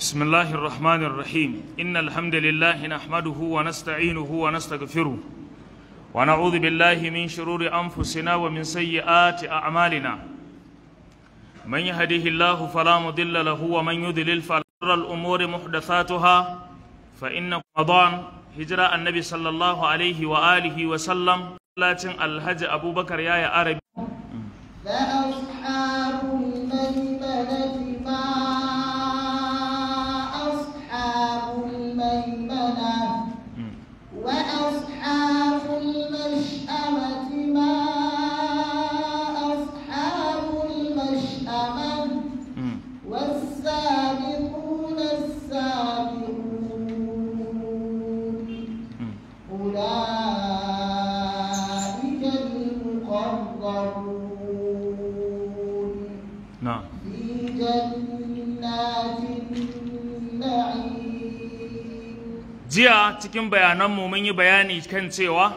بسم الله الرحمن الرحيم إن الحمد لله نحمده ونستعينه ونستغفره ونعوذ بالله من شرور أنفسنا ومن سيئات أعمالنا من يهده الله فلا مضل له ومن يضلل فلا الأمور محدثاتها فإن رمضان هجرة النبي صلى الله عليه وآله وسلم لكن الحج أبو بكر يا عربي لا أصحاب jiya cikin bayananmu mun yi bayani kan cewa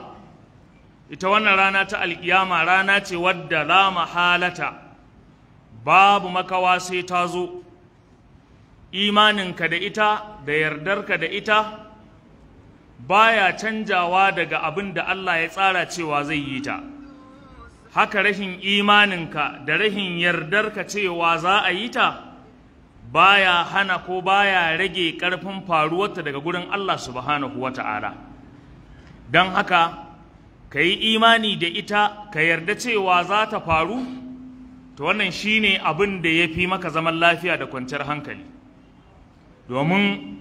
ita wannan rana ta alkiyama rana ce wadda la mahalata babu makawa sai ta zo imaninka da ita da yardarka da ita baya canjawa daga abin da Allah ya tsara cewa zai yi ta haka rashin imaninka da rashin yardarka cewa za a yi ta baya hana ko baya rage ƙarfin faruwarta daga gurin Allah subhanahu wa ta'ala don haka ka yi imani da ita ka yarda cewa za ta faru to wannan shi ne abin da ya fi maka zaman lafiya da kwanciyar hankali domin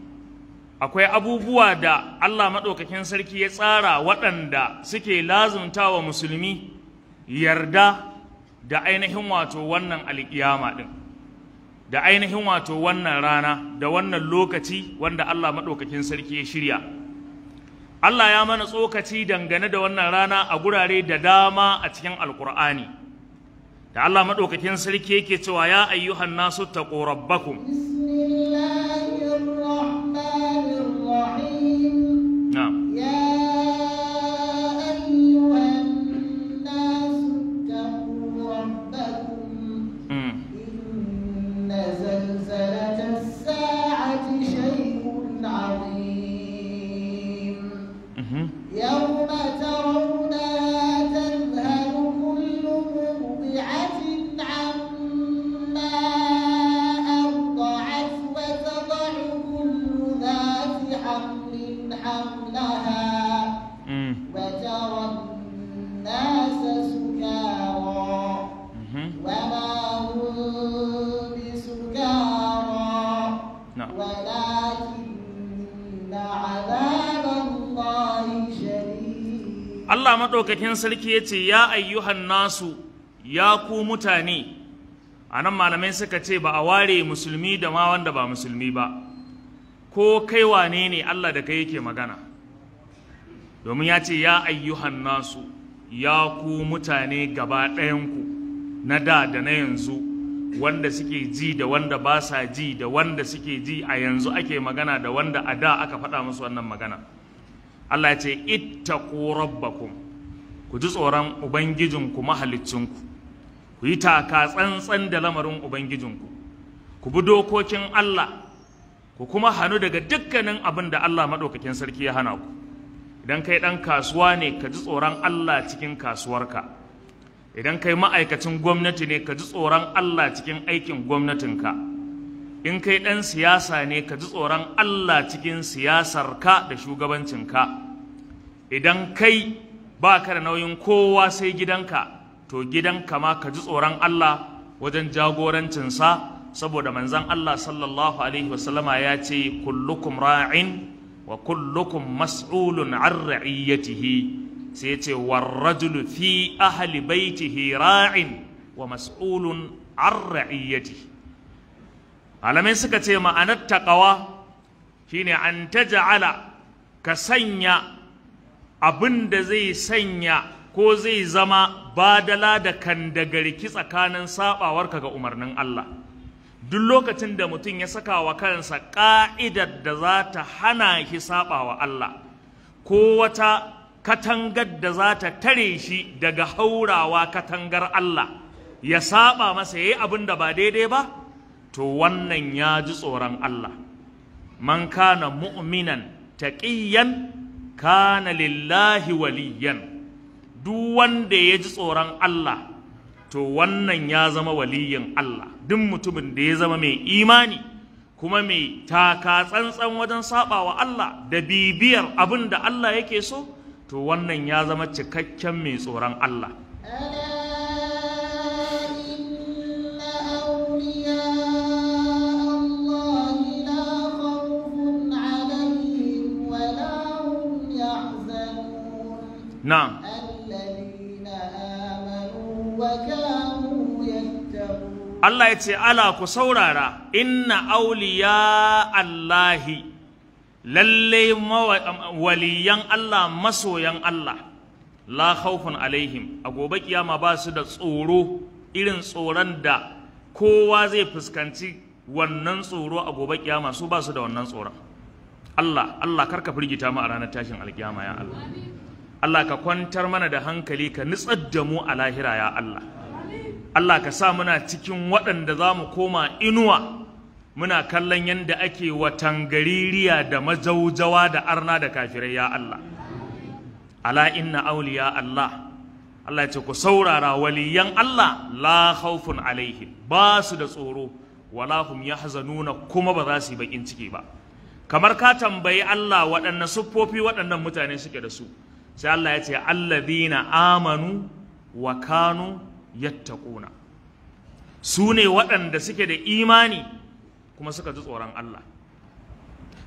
akwai abubuwa da Allah maɗaukakin sarki ya tsara waɗanda suke wa musulmi yarda da ainihin wato wannan alƙiyama ɗin da ainihin wato wannan rana da wannan lokaci wanda Allah maɗaukakin sarki ya shirya Allah ya mana tsokaci dangane da wannan rana a gurare da dama a cikin alkur'ani da Allah maɗaukakin sarki yake cewa ya ayyuhan nasu ta rabbakum maɗaukakin sarki ya ce ya ayyuhan nasu ya ku mutane a nan malamai suka ce ba a ware musulmi da ma wanda ba musulmi ba ko kai wane ne Allah da kai yake magana domin ya ce ya ayyuhan nasu ya ku mutane gaba ɗayanku na da da na yanzu wanda suke ji da wanda ba sa ji da wanda suke ji a yanzu ake magana da wanda a da aka faɗa musu wannan magana Allah ya ce ittaqu rabbakum ku ji tsoron ubangijinku mahaliccinku ku yi taka tsantsan da lamarin ubangijinku ku bi dokokin Allah ku kuma hannu daga dukkanin abin da Allah maɗaukakin sarki ya hana ku idan kai ɗan kasuwa ne ka ji tsoron Allah cikin kasuwarka idan kai ma'aikacin gwamnati ne ka ji tsoron Allah cikin aikin gwamnatinka in kai ɗan siyasa ne ka ji tsoron Allah cikin siyasarka da shugabancinka idan kai ba ka da nauyin kowa sai gidanka to gidanka ma ka ji tsoron Allah wajen jagorancinsa saboda manzan Allah sallallahu alaihi wasallama ya ce kullukum ra'in wa kullukum mas'ulun an ra'iyatihi sai ya ce warrajulu fi ahli baitihi ra'in wa mas'ulun an ra'iyatihi malamai suka ce ma'anar taƙawa shine an taja'ala ka sanya abin da zai sanya ko zai zama badala da kandagarki tsakanin sabawarka ga umarnin Allah duk lokacin da mutum ya saka wa kansa ka'idar da za ta hana shi sabawa Allah ko wata katangar da za ta tare shi daga haurawa katangar Allah ya saba masa yayi abin da ba daidai ba to wannan ya ji tsoron Allah man kana mu'minan taqiyan kana lillahi waliyan duk wanda ya ji tsoron Allah to wannan ya zama waliyin Allah duk mutumin da ya zama mai imani kuma mai taka tsantsan wajen wa Allah da bibiyar abin da Allah yake so to wannan ya zama cikakken mai tsoron Allah نعم Allah ya ce, Ala ku saurara, inna auliya Allahi, lalle waliyan Allah masoyan Allah, la khawfun alaihim, a gobe kiyama ba su da tsoro irin tsoron da kowa zai fuskanci wannan tsoro a gobe kiyama su ba su da wannan tsoron. Allah, Allah karka firgita mu a ranar tashin alkiyama ya Allah. Allah ka kwantar mana da hankali ka nutsar da mu a lahira ya Allah Allah ka sa muna cikin waɗanda za mu koma inuwa muna kallon yadda ake watan watangaririya da mazaujawa da arna da kafirai ya Allah ala inna auliya Allah Allah ce ku saurara waliyan Allah la khawfun alaihi ba su da tsoro wala hum yahzanuna kuma ba za su yi bakin ciki ba kamar ka tambayi Allah waɗannan siffofi waɗannan mutane suke da su sai Allah ya ce allazina amanu wa kanu yattaquna su ne waɗanda suke da imani kuma suka ji tsoron Allah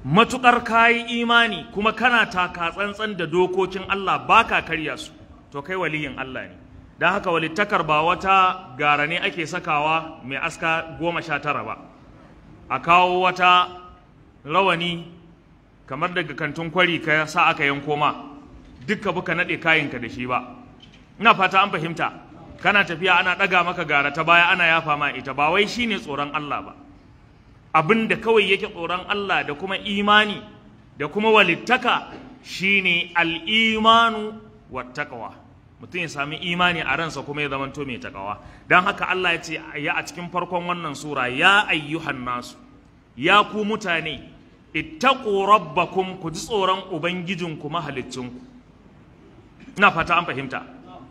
Matuƙar kayi imani kuma kana takatsantsan tsantsan da dokokin Allah baka karya su to kai waliyin Allah ne don haka walittakar ba wata gara ne ake sakawa mai aska goma sha tara ba a kawo wata rawani kamar daga kantin kwari ka sa aka yanko ma duka baka kayan kayanka da shi ba ina fata an fahimta kana tafiya ana daga maka gara ta baya ana yafa ma ita ba wai shine tsoron Allah ba Abinda kawai yake tsoron Allah da kuma imani da kuma walittaka shine al-imanu wat-taqwa mutum ya sami imani a ransa kuma ya zamanto mai takawa Dan haka Allah ya ce ya a cikin farkon wannan sura ya ayyuhan nasu ya ku mutane ittaqu rabbakum ku ji tsoron ubangijinku mahaliccinku ina fata an fahimta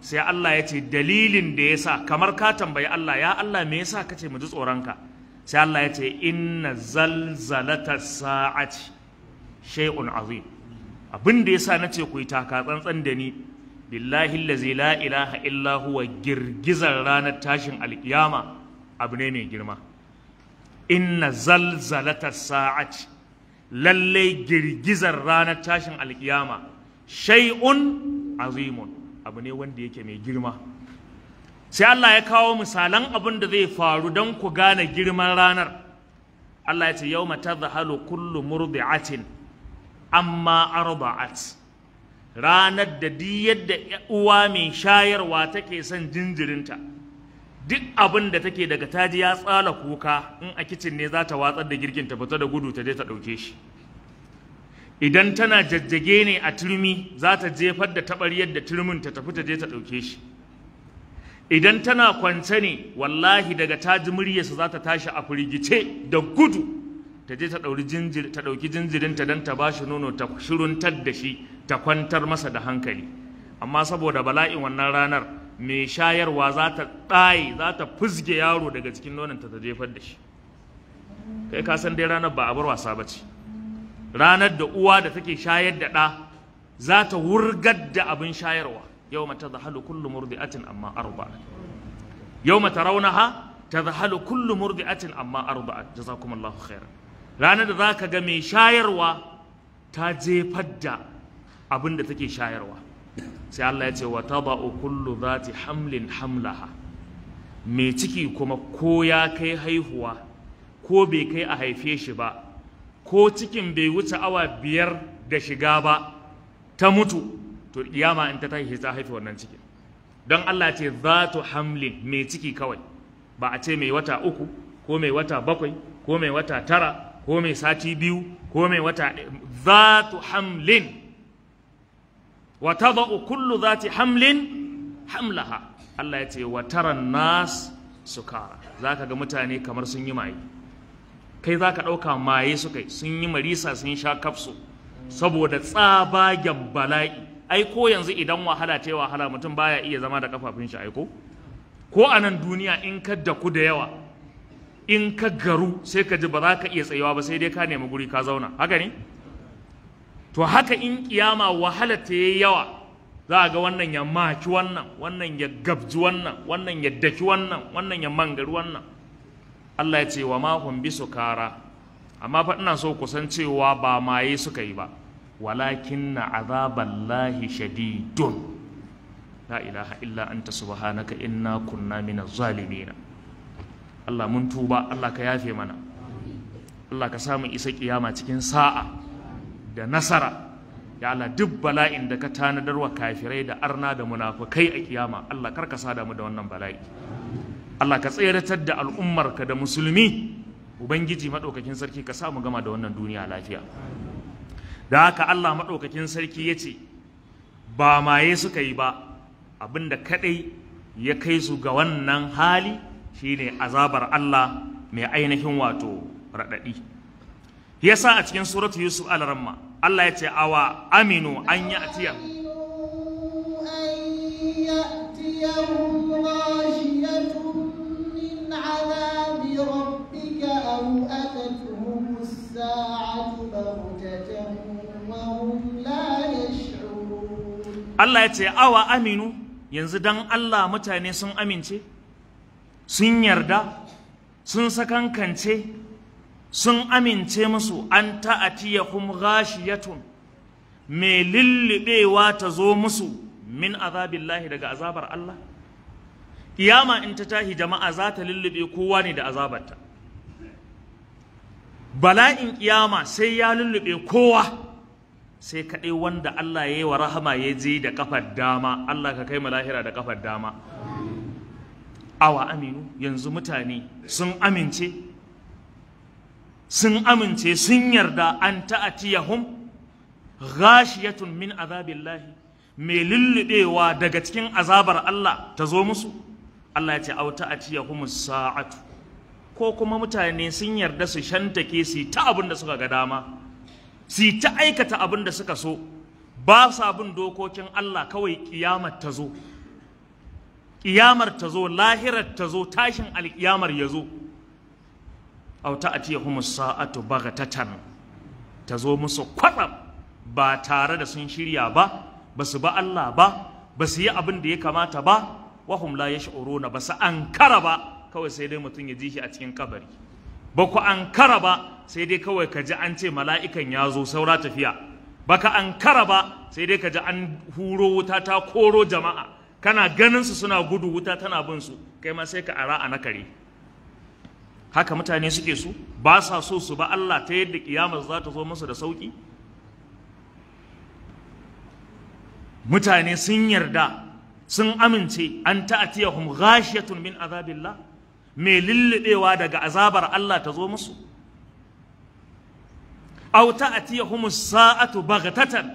sai Allah ya ce dalilin da ya sa kamar ka tambayi Allah ya Allah me yasa ka ce mu ji tsoronka sai Allah ya ce inna zalzalata sa'ati shay'un azim abin da yasa nace ku yi taka tsantsan da ni billahi allazi la ilaha illa wa girgizar ranar tashin alkiyama abu ne mai girma inna zalzalata sa'ati lallai girgizar ranar tashin alkiyama shay'un azimun abu ne wanda yake mai girma sai Allah ya kawo misalan abin da zai faru don ku gane girman ranar Allah ya ce yau mata zahalu kullu murdi'atin amma arba'at ranar da di yadda uwa mai shayarwa take son jinjirinta duk abin da take daga taji ya tsala kuka in a kicin ne za ta watsar da girkin ta fita da gudu ta je ta ɗauke shi idan tana jajjage ne a turmi za ta jefar da taɓaryar da turmin ta tafi ta je ta ɗauke shi idan tana kwance ne wallahi daga ta ji muryarsa za ta tashi a firgice da gudu ta je ta ɗauki jinjirinta don ta ba shi nono ta shiruntar da shi ta kwantar masa da hankali amma saboda bala'in wannan ranar mai shayarwa za ta ɗaye za ta fuzge yaro daga cikin nonon ta ta jefar da shi kai kasan dai ranar ba a bar wasa ba ce ranar da uwa da take shayar da ɗa za ta wurgar da abin shayarwa yau mata kullum kullu atin amma arba yau mata raunaha ta zahalu kullu murdi'atin amma arba jazakumallahu khairan ranar da za ka ga mai shayarwa ta jefar da abin da take shayarwa sai Allah ya ce wa taba'u kullu zati hamlin hamlaha mai ciki kuma ko ya kai haihuwa ko bai kai a haife shi ba ko cikin bai wuce awa biyar da shiga ba ta mutu to kiyama in ta tashi ta haifi wannan cikin don Allah ce za tu hamlin mai ciki kawai ba a ce mai wata uku ko mai wata bakwai ko mai wata tara ko mai sati biyu ko mai wata za tu hamlin wata tada'u kullu ta hamlin hamlaha Allah ya ce wa taran nas sukara ka ga mutane kamar sun yi maye kai za ka ɗauka maye su kai sun yi marisa sun sha kafso saboda tsabagen bala'i ai ko yanzu idan wahala ta wahala mutum baya iya zama da kafafun shi aiko ko a nan duniya in ka daku da yawa in ka garu sai ka ji ba za ka iya tsayawa ba sai dai ka nemi guri ka zauna haka ne to haka in kiyama wahala ta yi yawa za a ga wannan ya maki wannan wannan ya gabji wannan wannan ya daki wannan wannan ya mangari wannan Allah ya ce wa ma su kara amma fa ina so ku san cewa ba maye suka yi ba walakinna azaballahi shadidun la ilaha illa anta subhanaka inna kunna minaz zalimin Allah mun tuba Allah ka yafe mana Allah ka samu isa kiyama cikin sa'a da nasara ya Allah duk bala'in da ka tanadarwa kafirai da arna da munafukai a kiyama Allah kar ka sada mu da wannan bala'i Allah ka tsayaratar da al'ummarka da musulmi ubangiji maɗaukakin sarki ka samu gama da wannan duniya lafiya da haka Allah maɗaukakin sarki ya ce ba maye suka yi ba abinda kadai ya kai su ga wannan hali shine azabar Allah mai ainihin wato raɗaɗi yasa a cikin suratu yusuf al Allah ya ce awa aminu an ya'tiyahu allah ya ce awa aminu yanzu dan allah mutane sun أمينو sun yarda sun sakankance sun amince musu an ya tun, mai lullubewa ta zo musu min azabillahi daga azabar Allah Iyama in ta tahi jama'a za ta lullube kowa ne da azabarta bala'in kiyama sai ya lullube kowa sai kaɗai wanda Allah ya yi wa rahama ya je da kafar dama Allah ka kai mu lahira da kafar dama awa aminu yanzu mutane sun amince sun amince sun yarda an ya ghashiyatun min azabillahi mai lullubewa daga cikin azabar Allah ta zo musu Allah ya ce au ta'atiyahumus sa'atu ko kuma mutane sun yarda su shantake su ta abin da suka ga dama su ta aikata abin da suka so ba sa bin dokokin Allah kawai kiyamar ta zo kiyamar ta zo lahirar ta zo tashin alkiyamar ya zo A ce ta'tiyahumus sa'atu baghatatan ta zo musu kwatsam ba tare da sun shirya ba ba su ba Allah ba ba su yi abin da ya kamata ba wahum la yash'uruna ba su ankara ba kawai sai dai mutum ya ji shi a cikin kabari ba ku kara ba sai dai kawai ka ji an ce mala'ikan ya zo saura tafiya baka kara ba sai dai ka ji an huro wuta ta koro jama'a kana ganin su suna gudu wuta tana bin su kai ma sai ka ara a nakare haka mutane suke su ba sa so su ba Allah ta yadda kiyamar za ta zo masu da sauki mutane sun yarda sun amince an ta'atiyahum ghashiyatun min azabillah mai lullubewa daga azabar Allah ta zo musu aw ta'tiyahumus sa'atu baghtatan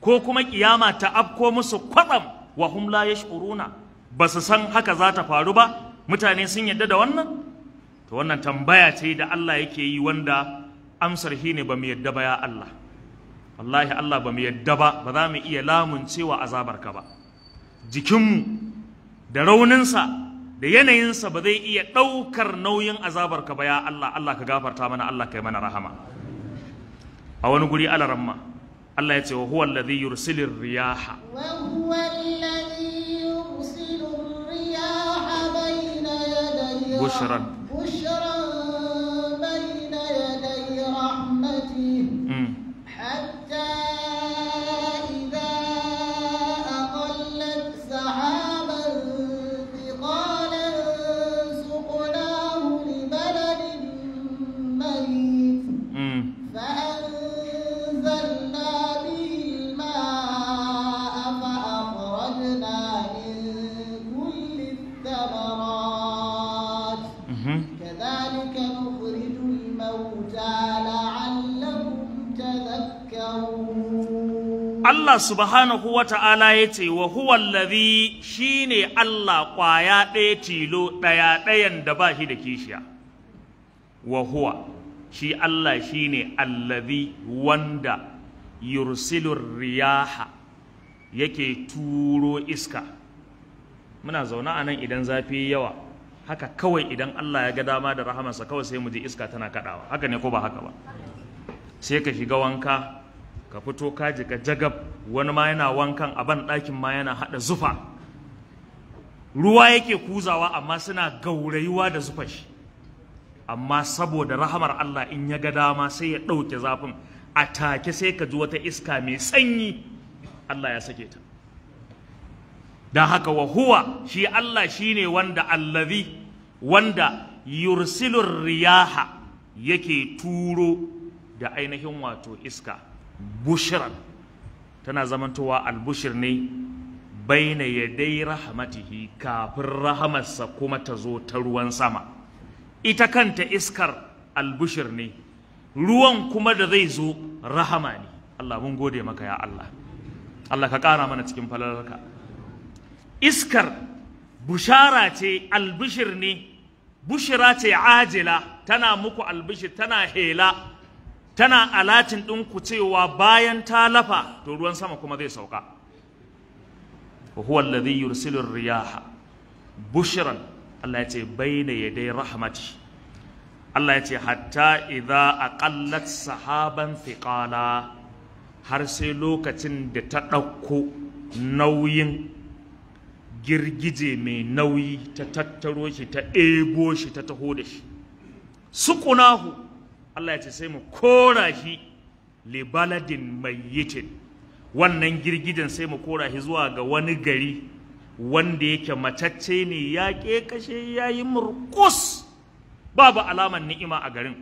ko kuma ƙiyama ta afko musu kwatsam wa hum la yash'uruna ba su san haka za ta faru ba mutane sun yadda da wannan to wannan tambaya ce da Allah yake yi wanda amsar shi ne ba mu yadda ba ya Allah wallahi Allah ba mu yadda ba ba za mu iya lamun cewa azabar ka ba jikinmu da rauninsa da yanayinsa ba zai iya ɗaukar nauyin azabarka ba ya Allah Allah ka gafarta mana Allah ka yi mana rahama a wani guri alaramma Allah ya ce wa huwa alladhi yursilir riyaha wa huwa alladhi yursilur riyaha bayna yaday bushran bushran bayna yaday rahmatihi mm. hatta Allah subhanahu wa ta’ala ya ce, Wa huwa lalazi shi ne Allah ƙwaya ɗaya tilo ɗaya ɗayan da ba shi da kishiya. Wa huwa. shi Allah shine allazi wanda yursilur riyaha yake turo iska muna zaune a nan idan zafi yawa haka kawai idan Allah ya ga dama da rahamarsa kawai sai mu ji iska tana kadawa haka ne ko ba haka ba sai ka shiga wanka ka fito ka ka jagab wani ma yana wankan a ban ɗakin ma yana haɗa zufa ruwa yake kuzawa amma suna gaurayuwa da zufa shi amma saboda rahamar Allah in ya ga dama sai ya ɗauke zafin a take sai ka ji wata iska mai sanyi Allah ya sake ta don haka wa huwa shi Allah shi ne wanda allazi wanda yursilur riyaha yake turo da ainihin wato iska bushiran tana zamantowa albushir ne baina yadai rahmatihi kafin rahamarsa kuma ta zo ta ruwan sama ita kanta iskar albushir ne ruwan kuma da zai zo rahama ne Allah mun gode maka ya Allah Allah ka ƙara mana cikin falalarka iskar bushara ce albushir ne bushira ce ajila tana muku albushir tana hela tana alatin ɗinku cewa bayan ta lafa to ruwan sama kuma zai sauka wa huwa alladhi yursilu riyaha bushran Allah ya ce bai na ya dai rahmati Allah ya ce hatta idza aqallat sahaban thiqala har sai lokacin da ta ɗauko nauyin girgije mai nauyi ta tattaro shi ta ebo shi ta taho da shi suƙunahu Allah ya ce sai mu kora shi baladin mayyitin wannan girgijen sai mu kora shi zuwa ga wani gari wanda yake matacce ne ya kashe ya yi murkus babu alamar ni'ima a garin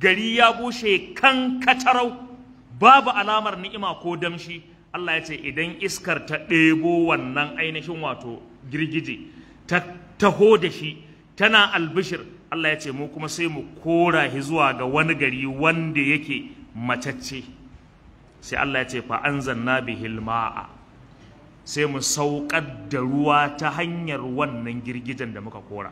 gari ya bushe kan katarau babu alamar ni'ima ko damshi Allah ya ce idan iskar ta ɗebo wannan ainihin wato girgije ta taho da shi tana albishir Allah ya ce mu kuma sai mu kora shi zuwa ga wani gari wanda yake matacce sai Allah ya ce fa zanna bihil ma'a sai mu saukar da ruwa ta hanyar wannan girgijen da muka kora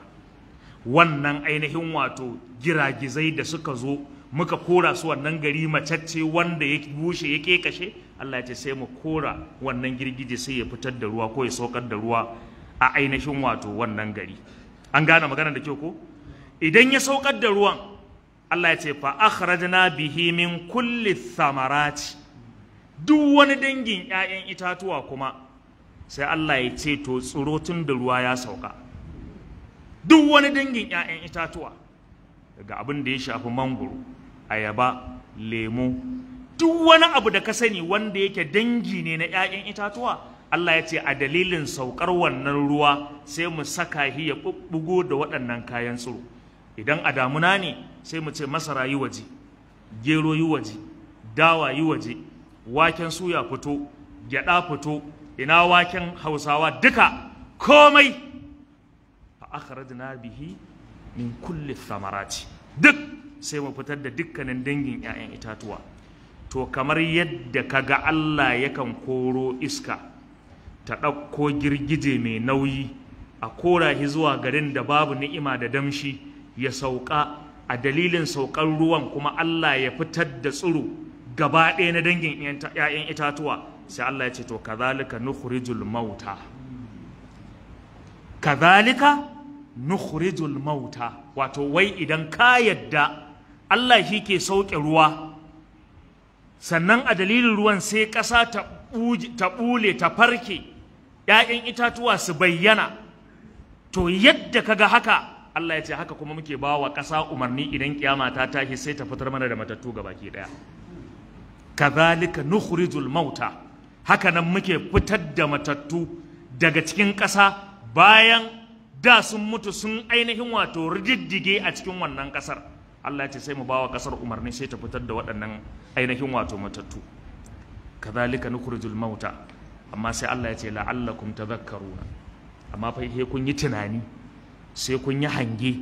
wannan ainihin wato giragizai da suka zo muka kora su wannan gari macacce wanda ya bushe ya kekashe Allah ya ce sai mu kora wannan girgije sai ya fitar da ruwa ko ya saukar da ruwa a ainihin wato wannan gari an gane magana da kyau ko idan ya saukar da ruwan Allah ya ce fa akhrajna bihi min kulli thamarati duk wani dangin 'ya'yan itatuwa kuma sai Allah ya ce to tsiro tun da ruwa ya sauka duk wani dangin 'ya'yan itatuwa daga abin da ya shafi mangoro ayaba lemu duk wani abu da ka sani wanda yake dangi ne na 'ya'yan itatuwa Allah ya ce a dalilin saukar wannan ruwa sai mu saka shi ya bubbugo da waɗannan kayan tsoro. idan a damuna ne sai mu ce masara yi waje gero yi waje dawa yi waje waken suya fito gyaɗa fito ina waken hausawa duka komai fa akhrajna bihi min kulli samaraci. duk sai mu fitar da dukkanin dangin 'ya'yan itatuwa to kamar yadda ka ga Allah yakan koro iska ta ɗauko girgije mai nauyi a kora shi zuwa garin da babu ni'ima da damshi ya sauka a dalilin saukan ruwan kuma Allah ya fitar da tsuru gaba ɗaya na dangin 'ya'yan itatuwa sai Allah ya ce to kazalika nukhrijul mauta kazalika nukhrijul mauta wato wai idan ka yadda Allah shi ke sauke ruwa sannan a dalilin ruwan sai ƙasa ta ɓule ta farke ‘ya'yan itatuwa su bayyana to yadda kaga haka Allah ya ce haka kuma muke ba wa ƙasa umarni idan kiyama ta tashi sai ta fitar mana da matattu ga baki ɗaya kazalika nukhrijul mauta hakanan muke fitar da matattu daga cikin ƙasa bayan da sun mutu sun ainihin wato rididdige a cikin wannan ƙasar Allah ce sai mu ba wa ƙasar umarni sai ta fitar da waɗannan ainihin wato matattu kazalika nukhrijul mauta amma sai Allah ya ce la'allakum tadhakkaruna amma fa sai kun yi tunani sai kun yi hange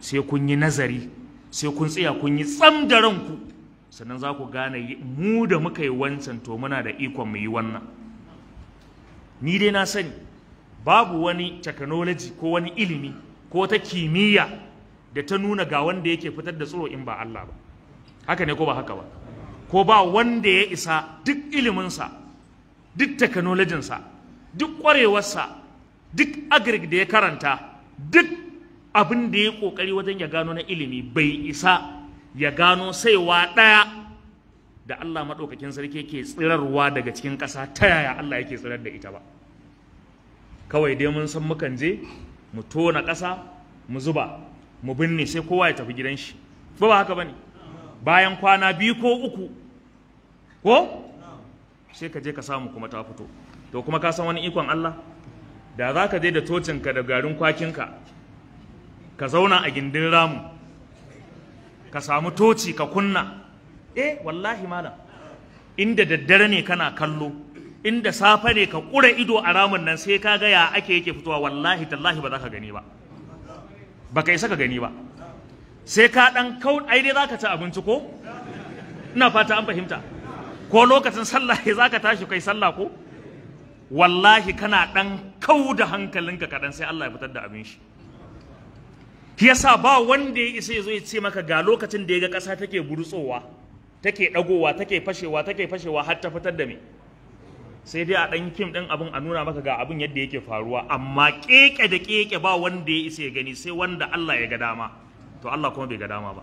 sai kun yi nazari sai kun tsaya kun yi tsam da ranku sannan za ku gane mu da muka yi wancan to muna da ikon mu yi wannan ni dai na sani babu wani technology ko wani ilimi ko ta kimiyya da ta nuna ga wanda yake fitar da tsoro in ba Allah ba haka ne ko ba haka ba ko ba wanda ya isa duk iliminsa duk technologinsa duk ƙwarewarsa duk agric da ya karanta duk abin da ya ƙoƙari wajen ya gano na ilimi bai isa ya gano saiwa ɗaya da Allah maɗaukakin sarki ke tsirarwa daga cikin ƙasa ta yaya Allah yake tsirar da ita ba kawai dai mun san mukan je mu tona ƙasa mu zuba mu binne sai kowa ya tafi gidan shi ba ba haka bane bayan kwana biyu ko uku ko sai ka je ka samu kuma ta fito to kuma ka san wani ikon Allah da za ka je da tocinka da garin kwakinka ka zauna a gindin ramu ka samu toci ka kunna eh wallahi malam inda daddare ne kana kallo inda safe ne ka kura ido a ramin nan sai ka ga ya ake yake fitowa wallahi tallahi ba za ka gani ba ba ka isa ka gani ba sai ka ɗan kau ai dai za ka ci abinci ko ina fata an fahimta ko lokacin sallah za ka tashi kai sallah ko wallahi kana ɗan kau da hankalinka kaɗan sai Allah ya fitar da abin shi shi yasa ba wanda ya isa ya zo ya ce maka ga lokacin da ya ga ƙasa take burutsowa take ɗagowa take fashewa take fashewa har ta fitar da me sai dai a dan kim ɗin abun a nuna maka ga abin yadda yake faruwa amma keke da keke ba wanda ya isa ya gani sai wanda Allah ya ga dama to Allah kuma bai ga dama ba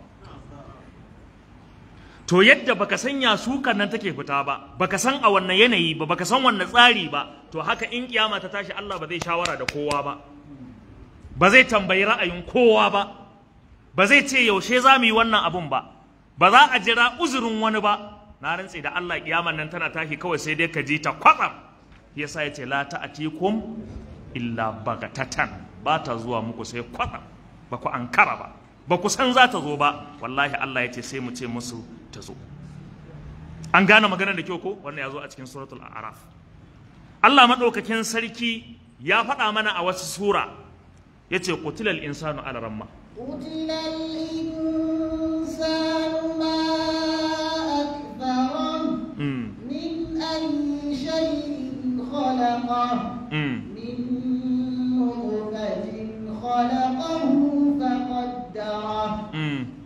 to yadda baka sanya sukan nan take fita ba baka san a wannan yanayi ba baka san wannan tsari ba to haka in kiyama ta tashi Allah ba zai shawara da kowa ba ba zai tambayi ra'ayin kowa ba ba zai ce yaushe za mu yi wannan abun ba ba za a jira uzurin wani ba na rantse da Allah kiyaman nan tana tashi kawai sai dai ka ji ta kwatsa yasa ya ce la ta'atikum illa bagatatan ba ta zuwa muku sai kwatsa ba ku ankara ba ba ku san za ta zo ba wallahi Allah ya ce sai mu ce musu ta zo an gane maganar da kyau ko wannan ya zo a cikin suratul a'raf Allah madaukakin sarki ya faɗa mana a wasu sura yace qutilal insanu ala ramma qutilal insanu ma akfara min ayyi shay'in khalaqa min nutfatin khalaqahu فقدره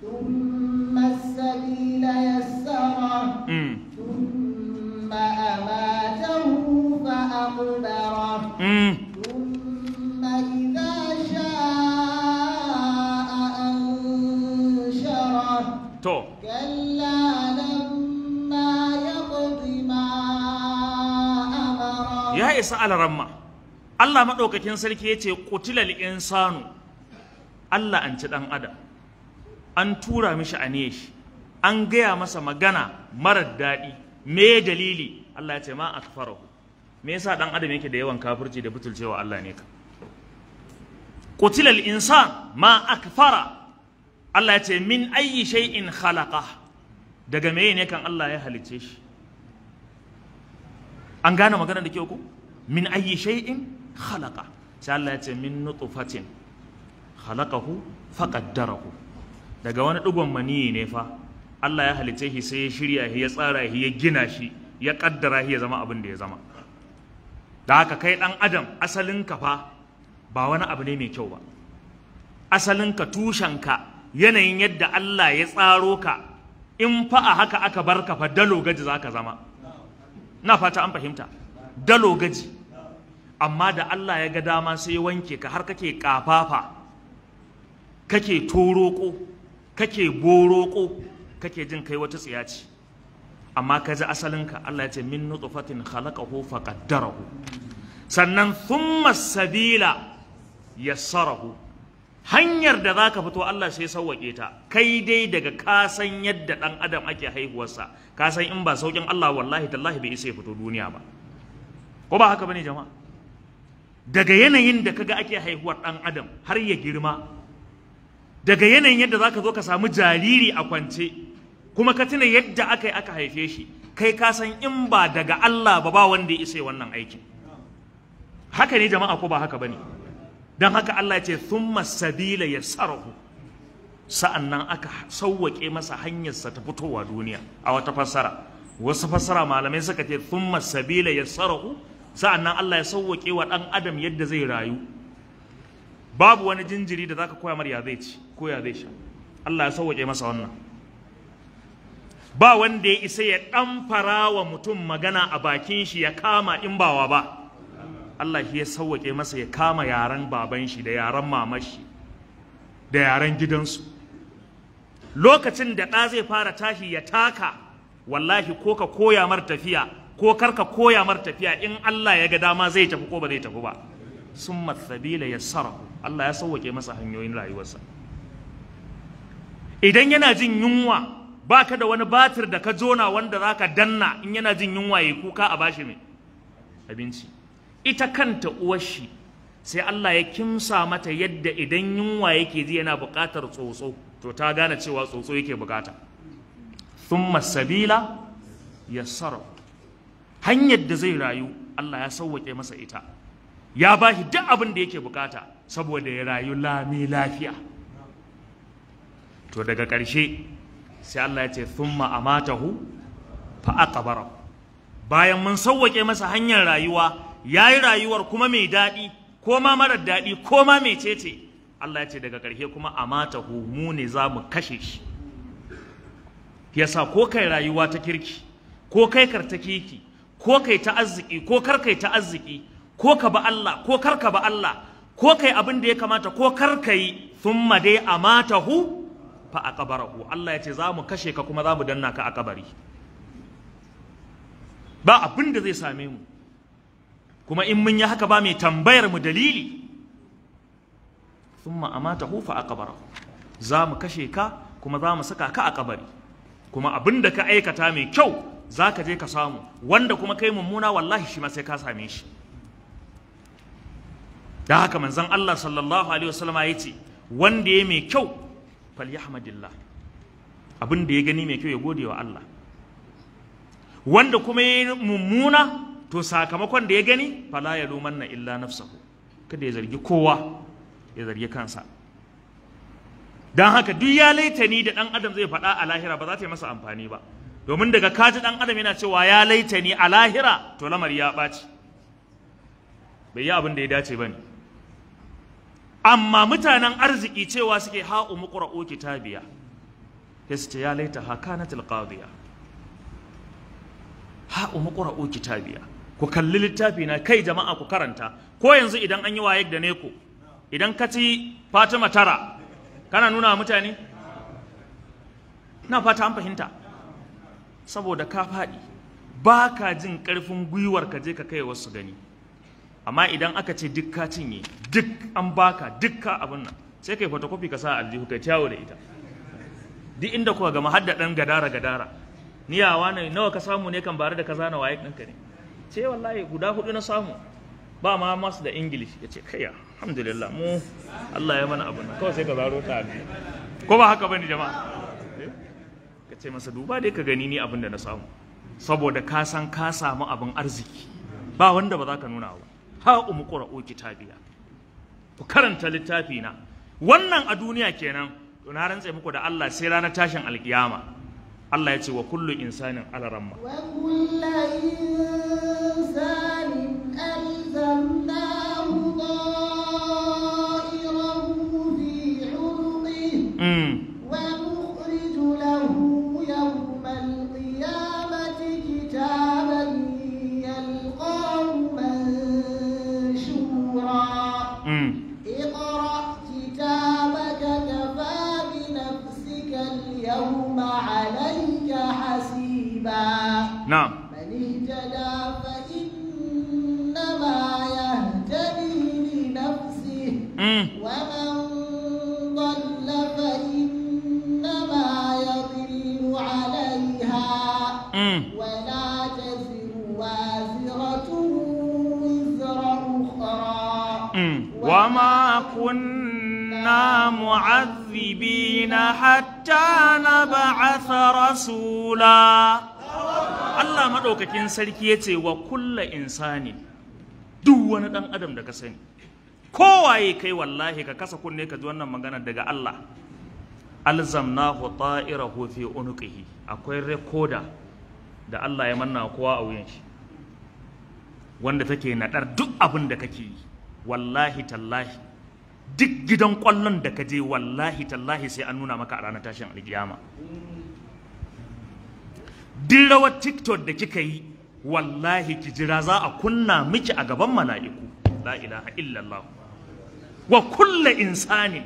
ثم السبيل يسره ثم أماته فأقبره ya isa alaramma Allah maɗaukakin sarki ya ce ƙutilal insanu Allah an ci ɗan adam an tura mishi a shi an gaya masa magana marar daɗi me dalili Allah ya ce ma akfarahu me yasa ɗan adam yake da yawan kafirci da butulcewa Allah ne ka ƙutilal insan ma akfara Allah ya ce min ayyi shay'in khalaqa daga me ne kan Allah ya halicce shi an gane magana da kyau ko min ayyi shay'in khalaqa sai Allah ya ce min nutfatin khalaqahu faqaddarahu daga wani digon maniyi ne fa Allah ya halice shi sai ya shirya shi ya tsara shi ya gina shi ya kaddara shi ya zama abin da ya zama da haka kai dan adam asalin ka fa ba wani abu ne mai kyau ba asalin ka tushen ka yanayin yadda Allah ya tsaro ka in fa a haka aka bar ka fa dalo gaji zaka zama na fata an fahimta dalo gaji amma da Allah ya ga dama sai ya wanke ka har kake kafafa kake toroko kake boroko kake jin kai wata tsiya ce amma ka ji asalinka Allah ya ce min nutfatin khalaqahu faqaddarahu sannan thumma sabila yassarahu hanyar da zaka fito Allah sai sauwake ta kai dai daga kasan yadda dan adam ake haihuwarsa ka san in ba saukin Allah wallahi tallahi bai isa ya fito duniya ba ko ba haka bane jama'a daga yanayin da kaga ake haihuwar ɗan adam har ya girma daga yanayin yadda za ka zo ka samu jariri a kwance kuma ka tuna yadda aka yi aka haife shi kai ka san in ba daga Allah ba ba wanda ya isa wannan aikin haka ne jama'a ko ba haka bane dan haka Allah ya ce thumma sabila yasarahu sa'annan aka sauwake masa hanyarsa ta fitowa duniya a wata fassara wasu fassara malamai suka ce thumma sabila yasarahu sa'annan Allah ya sauwake wa ɗan adam yadda zai rayu babu wani jinjiri da zaka koya mar ya zai ci ko ya zai sha Allah ya sauwake masa wannan ba wanda ya isa ya fara wa mutum magana a bakin shi ya kama in bawa ba Allah shi ya sauwake masa ya kama yaren baban shi da yaren mamashi shi da yaren gidansu lokacin da ɗa zai fara tashi ya taka wallahi ko ka koya mar tafiya ko karka koya mar tafiya in Allah ya ga dama zai tafi ko ba zai tafi ba summa sabila yassarahu Allah ya sauwake masa hanyoyin rayuwarsa idan yana jin yunwa baka da wani batir da ka zona wanda zaka danna in yana jin yunwa yayi kuka a bashi mai abinci ita kanta uwar sai Allah ya kimsa mata yadda idan yunwa yake ji yana buƙatar tsotso to ta gane cewa tsotso yake buƙata thumma sabila yassarahu hanyar da zai rayu Allah ya sauwaƙe masa ita ya ba shi duk abin da yake bukata saboda ya rayu lami lafiya to daga ƙarshe sai Allah ya ce thumma amatahu fa aqbara bayan mun sauwaƙe masa hanyar rayuwa yayi rayuwar kuma mai daɗi ko ma marar daɗi ko ma mecece Allah ya ce daga ƙarshe kuma amatahu mu ne za mu kashe shi yasa ko kai rayuwa ta kirki ko kai ta kiki ko kai ta arziki ko kar kai ta arziki ko ka ba Allah ko kar ka ba Allah ko kai abin da ya kamata ko kar kai thumma dai amatahu fa aqbarahu Allah ya ce za mu kashe ka kuma za mu danna ka a kabari ba abin da zai same mu kuma in mun yi haka ba mai tambayar mu dalili thumma amatahu fa aqbarahu za mu kashe ka kuma za mu saka ka a kabari kuma abin da ka aikata mai kyau za ka je ka samu wanda kuma kai mummuna wallahi shi ma sai ka same shi da haka manzon Allah sallallahu alaihi wasallama ya ce wanda ya mai kyau fal falyahmadillah abin da ya gani mai kyau ya gode wa Allah wanda kuma ya mummuna to sakamakon da ya gani fala ya lumanna illa nafsahu kada ya zargi kowa ya zargi kansa don haka duk ya laita ni da ɗan adam zai faɗa a lahira ba za ta yi masa amfani ba domin daga kaji dan adam yana cewa ya laita ni a lahira to lamari ya ɓaci bai yi abin da ya dace ba ne amma mutanen arziki cewa suke ha'u muqra'u kitabiya sai biya. ce ya laita haka na qadiya ha'u ta biya ku kalli littafi na kai jama'a ku karanta ko yanzu idan an yi waye da neko idan ka ci Fatima tara kana nuna mutane na fata an fahimta saboda ka faɗi ba ka jin ƙarfin gwiwar ka je ka kai wasu gani amma idan aka ce duk ka cinye duk an baka duk ka abin nan sai kai fotokofi ka sa aljihu kai tawo da ita duk inda kuka gama hadda ɗan gadara gadara niyawa ne nawa ka samu ne kan bare da kaza na waye ɗinka ne ce wallahi guda hudu na samu ba ma masu da english ya ce kai alhamdulillah mu allah ya mana abin nan. kawai sai ka zaro ta ko ba haka bane jama'a ce masa duba dai ka gani ni abin da na samu saboda ka san ka samu abin arziki ba wanda ba za ka nuna ba ha umu qura'u kitabiya ku karanta littafi na wannan a duniya kenan to na rantse muku da Allah sai ranar tashin alkiyama Allah ya ce wa kullu insanin alaramma wa kullu insanin alzamnahu fi حسيبا نعم من اهتدى فإنما يهتدي لنفسه ومن ضل فإنما يضل عليها ولا تزر وازرة وزر أخرى وما كنا كنا معذبين حتى نبعث رسولا الله ما دوك كين سلكي يتي وكل إنسان دو دان أدم دك سين كواي كي والله كاكاسا كوني كدوانا مغانا دك الله ألزمناه طائره في أنقه أكوي ريكودا da Allah ya manna kowa a wuyan shi wanda take naɗar duk abin da kake yi wallahi tallahi duk gidan kwallon da ka je wallahi tallahi sai an nuna maka a ranar tashin alkiyama duk rawar tiktok da kika yi wallahi ki jira za a kunna miki a gaban mala'iku la ilaha illallah wa kulle insani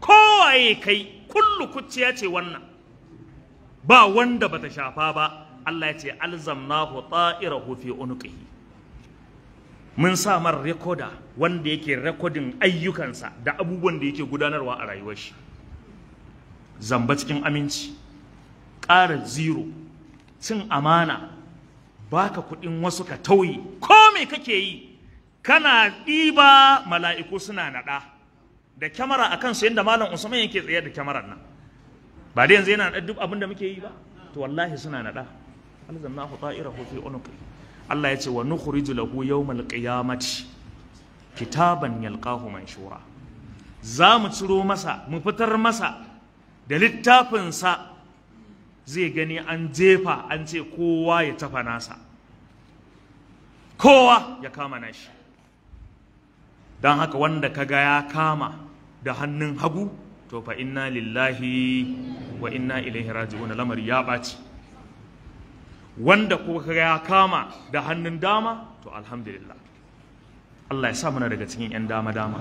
kowaye kai kullu kuciya ce wannan ba wanda bata shafa ba Allah ya ce alzamnahu ta'irahu fi unuqihi mun sa mar rekoda wanda yake rekodin ayyukansa da abubuwan da yake gudanarwa a rayuwar shi zamba cikin aminci ƙara zero cin amana baka kuɗin wasu ka tauye ko me kake yi kana ɗiba mala'iku suna naɗa da kyamara a kansu yadda malam usman yake tsaye da kyamarar nan ba da yanzu yana naɗa duk abin da muke yi ba to wallahi suna naɗa alzamnahu ta'irahu fi unuqi Allah ya ce wa nukhriju lahu yawmal qiyamati kitaban yalqahu manshura za mu ciro masa mu fitar masa da littafin sa zai gani an jefa an ce kowa ya tafa nasa kowa ya kama nashi don haka wanda kaga ya kama da hannun hagu to fa inna lillahi wa inna ilaihi raji'un lamari ya ɓaci wanda kuka ya kama da hannun dama to alhamdulillah Allah ya sa mana daga cikin 'yan dama-dama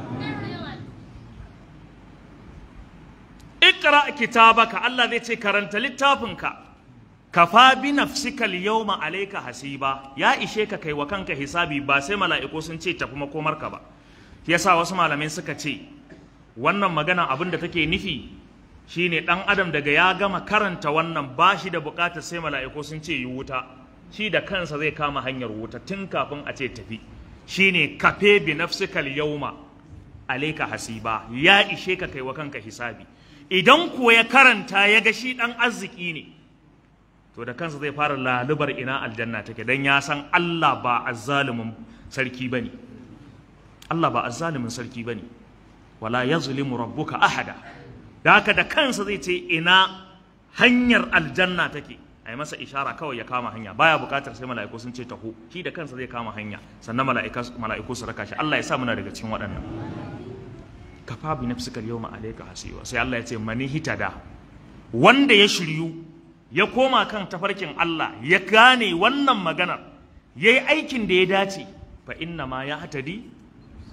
ikra kitabaka Allah zai ce karanta littafinka kafa bi nafsikal yawma alayka hasiba ya ishe ka kai wa kanka hisabi ba sai mala'iku sun ce tafi makomarka ba yasa wasu malamai suka ce wannan magana abin da take nufi Shi ne ɗan adam daga ya gama karanta wannan ba shi da bukata sai mala'iku sun ce yi wuta shi da kansa zai kama hanyar wuta tun kafin a ce tafi shine kafe bi nafsikal yauma alaika hasiba ya ishe ka kai kaiwa kanka hisabi idan kuwa ya karanta ya ga shi ɗan arziki ne to da kansa zai fara lalubar ina aljanna take dan ya san Allah ba azzalumin sarki bane Allah ba azzalumin sarki bane wala yazlimu rabbuka ahada da haka da kansa zai ce ina hanyar aljanna take a yi masa ishara kawai ya kama hanya baya bukatar sai mala'iku sun ce taho shi da kansa zai kama hanya sannan mala'iku su raka shi Allah ya sa muna daga cikin waɗannan kafa bi nafsi kal yawma alayka hasiba sai Allah ya ce mani hitada wanda ya shiryu ya koma kan tafarkin Allah ya gane wannan maganar yayi aikin da ya dace fa inna ma ya hatadi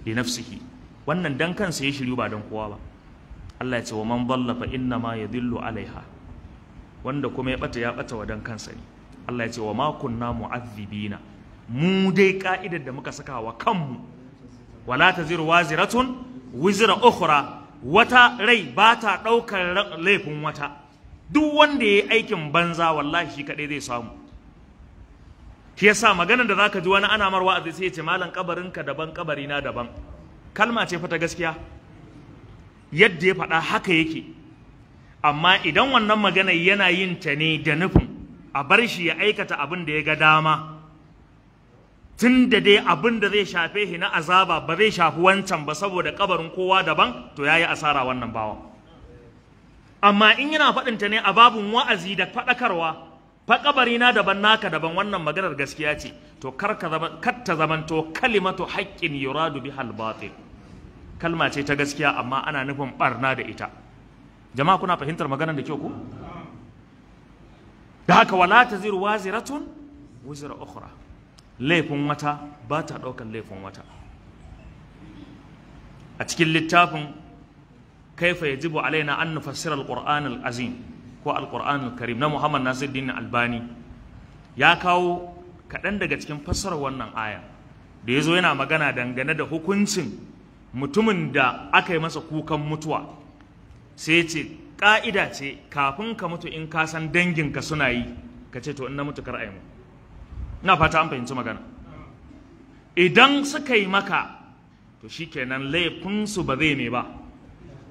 li nafsihi wannan dan kansa ya shiryu ba dan kowa ba Allah ya ce wa man dalla fa inna ma yadhillu alaiha wanda kuma ya bata ya bata wadan kansa ne Allah ya ce wa ma kunna mu'adhibina mu dai ka'idar da muka saka wa kanmu wala taziru waziratun wizra ukhra wata rai ba ta daukar laifin wata duk wanda yayi aikin banza wallahi shi kadai zai samu Ke yasa maganar da zaka ji wani ana marwa a sai ya ce malam kabarinka daban kabarina daban kalma ce fa ta gaskiya yadda ya faɗa haka yake amma idan wannan magana yana yin ta ne da nufin a bar shi ya aikata abin da ya ga dama tun da dai abin da zai shafe shi na azaba ba zai shafi wancan ba saboda kabarin kowa daban to ya yi asara wannan bawan amma in yana faɗin ta ne a babun wa'azi da faɗakarwa fa kabari na daban naka daban wannan maganar gaskiya ce to kar ta zamanto kalimatu haqqin yuradu bihal batil kalma ce ta gaskiya amma ana nufin barna da ita jama'a kuna fahimtar maganar da kyau ku da haka wala taziru waziratun wuzira ukhra laifin wata ba ta ɗaukar laifin wata a cikin littafin kaifa yajibu alaina an nufassira alquran alazim ko alquran alkarim na muhammad nasiruddin albani ya kawo kaɗan daga cikin fassarar wannan aya da ya zo yana magana dangane da hukuncin mutumin da aka yi masa kukan mutuwa sai ce ƙa'ida ce kafin ka mutu in ka san danginka suna yi ka ce to in na mutu kar a yi mu ina fata an fahimci magana idan suka yi maka to shi kenan laifinsu ba zai ne ba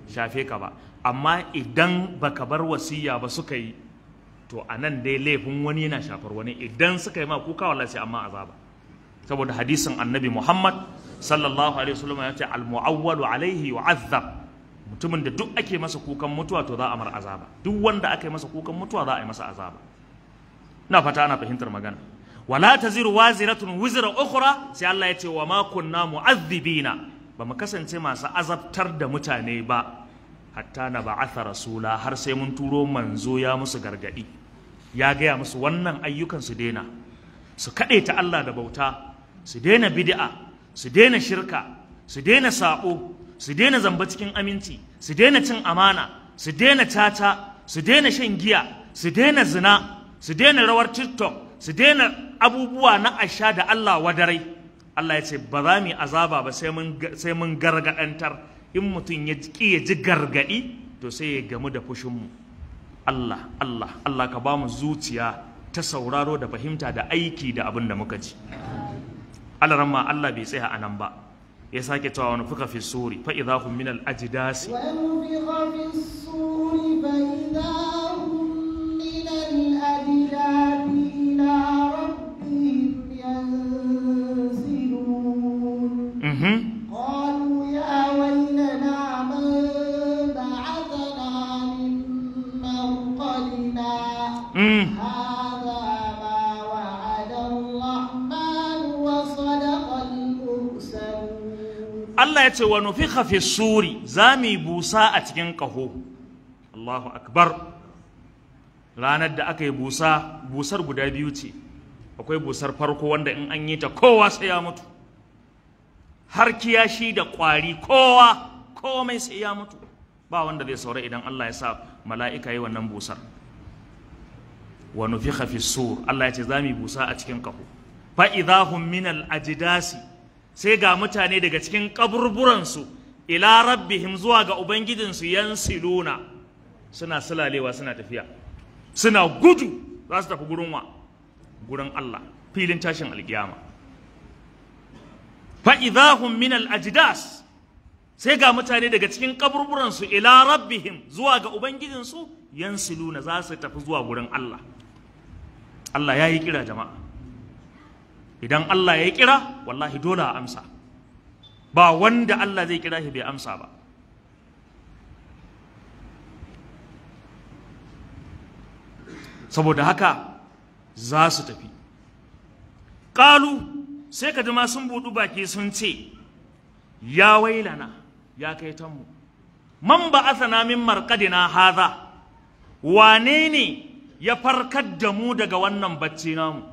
shafe ka ba amma idan baka bar wasiya ba suka yi to a nan dai laifin wani yana shafar wani idan suka yi ma kuka wallahi amma azaba saboda hadisin annabi Muhammad sallallahu alaihi wasallam ya ce al-mu'awwalu alaihi yu'azzab mutumin da duk ake masa kukan mutuwa to za a mar azaba duk wanda aka masa kukan mutuwa za a yi masa azaba ina fata ana fahimtar magana wala taziru waziratun wizra ukhra sai Allah ya ce wa ma kunna mu'azzibina ba mu kasance masu azabtar da mutane ba hatta na ba ba'atha rasula har sai mun turo manzo ya musu gargadi ya gaya musu wannan ayyukan su daina su kaɗe ta Allah da bauta su daina bid'a su daina shirka su daina saƙo su daina zamba cikin aminci su daina cin amana su daina caca su daina shan giya su daina zina su daina rawar tiktok su daina abubuwa na asha da allah wadarai allah ya ce ba za mu azaba ba sai mun gargaɗantar in mutum ya ƙi ya ji gargaɗi to sai ya gamu da fushinmu allah allah allah ka ba mu zuciya ta sauraro da fahimta da aiki da abin da muka ji Allah ramma Allah bai tsaya anan ba ya sake cewa wani fuka fi suri fa idza hum min al ajdasi wa nufiqa fi suri fa idza hum min al ajdasi ila rabbihim yansilun mhm Mm. Allah ya ce wa nufikha fi suri za mu busa a cikin ƙaho Allahu akbar ranar da aka yi busa busar guda biyu ce akwai busar farko wanda in an yi ta kowa sai ya mutu har kiyashi da ƙwari kowa komai sai ya mutu ba wanda zai saura idan Allah ya sa mala'ika yi wannan busar wa nufikha fi sur Allah ya ce za mu busa a cikin ƙaho fa idahum min sai ga mutane daga cikin kaburburansu ila rabbihim zuwa ga ubangijinsu yansiluna suna sulalewa suna tafiya suna gudu za su tafi gurin wa gurin Allah filin tashin alkiyama fa idahum min al ajdas sai ga mutane daga cikin kaburburansu ila rabbihim zuwa ga ubangijinsu yansiluna za su tafi zuwa gurin Allah Allah ya yi kira jama'a idan Allah ya kira wallahi dole a amsa ba wanda Allah zai kira shi bai amsa ba saboda haka za su tafi ƙalu sai ka jima sun buɗu baki sun ce ya wailana ya kai tanmu man ba asana min markadina haza wane ne ya farkar da mu daga wannan bacci namu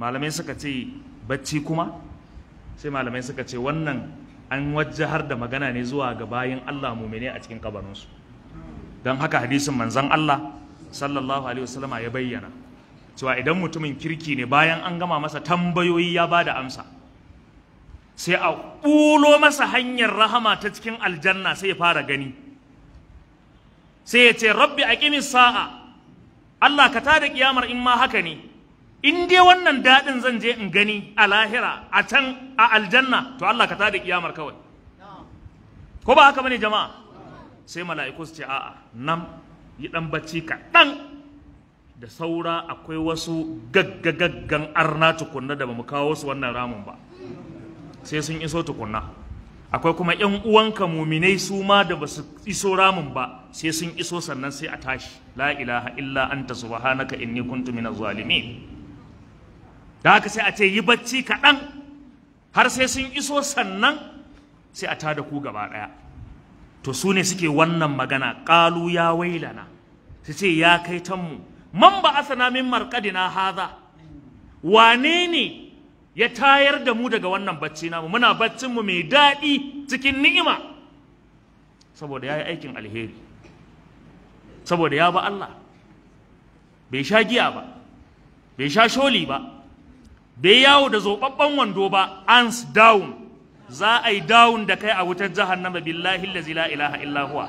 malamai suka ce bacci kuma sai malamai suka ce wannan an wajahar da magana ne zuwa ga bayan Allah mumine a cikin kabarinsu don haka hadisin manzon Allah sallallahu alaihi wasallama ya bayyana cewa idan mutumin kirki ne bayan an gama masa tambayoyi ya ba da amsa sai a ƙulo masa hanyar rahama ta cikin aljanna sai ya fara gani sai ya ce rabbi a sa'a Allah ka tada kiyamar in ma haka ne in dai wannan daɗin zan je in gani a lahira a can a aljanna to Allah ka tada kiyamar kawai ko ba haka bane jama'a sai mala'iku su ce a'a nan yi dan bacci kaɗan da saura akwai wasu gaggagaggan arna tukunna da bamu kawo su wannan ramin ba sai sun iso tukunna akwai kuma yan uwanka muminai su ma da basu iso ramin ba sai sun iso sannan sai a tashi la ilaha illa anta subhanaka inni kuntu minaz zalimin da haka sai a ce yi bacci kaɗan har sai sun iso sannan sai a tada ku gaba ɗaya to su ne suke wannan magana ƙalu ya wailana su ce ya kai tanmu man ba asana min marƙadina haza wane ne ya tayar da mu daga wannan bacci namu muna baccin mu mai daɗi cikin ni'ima saboda ya yi aikin alheri saboda ya ba Allah bai sha giya ba bai sha sholi ba bai yawo da zoɓaɓɓen wando ba ans down za a yi down da kai a wutar jahannama billahi allazi la ilaha illa huwa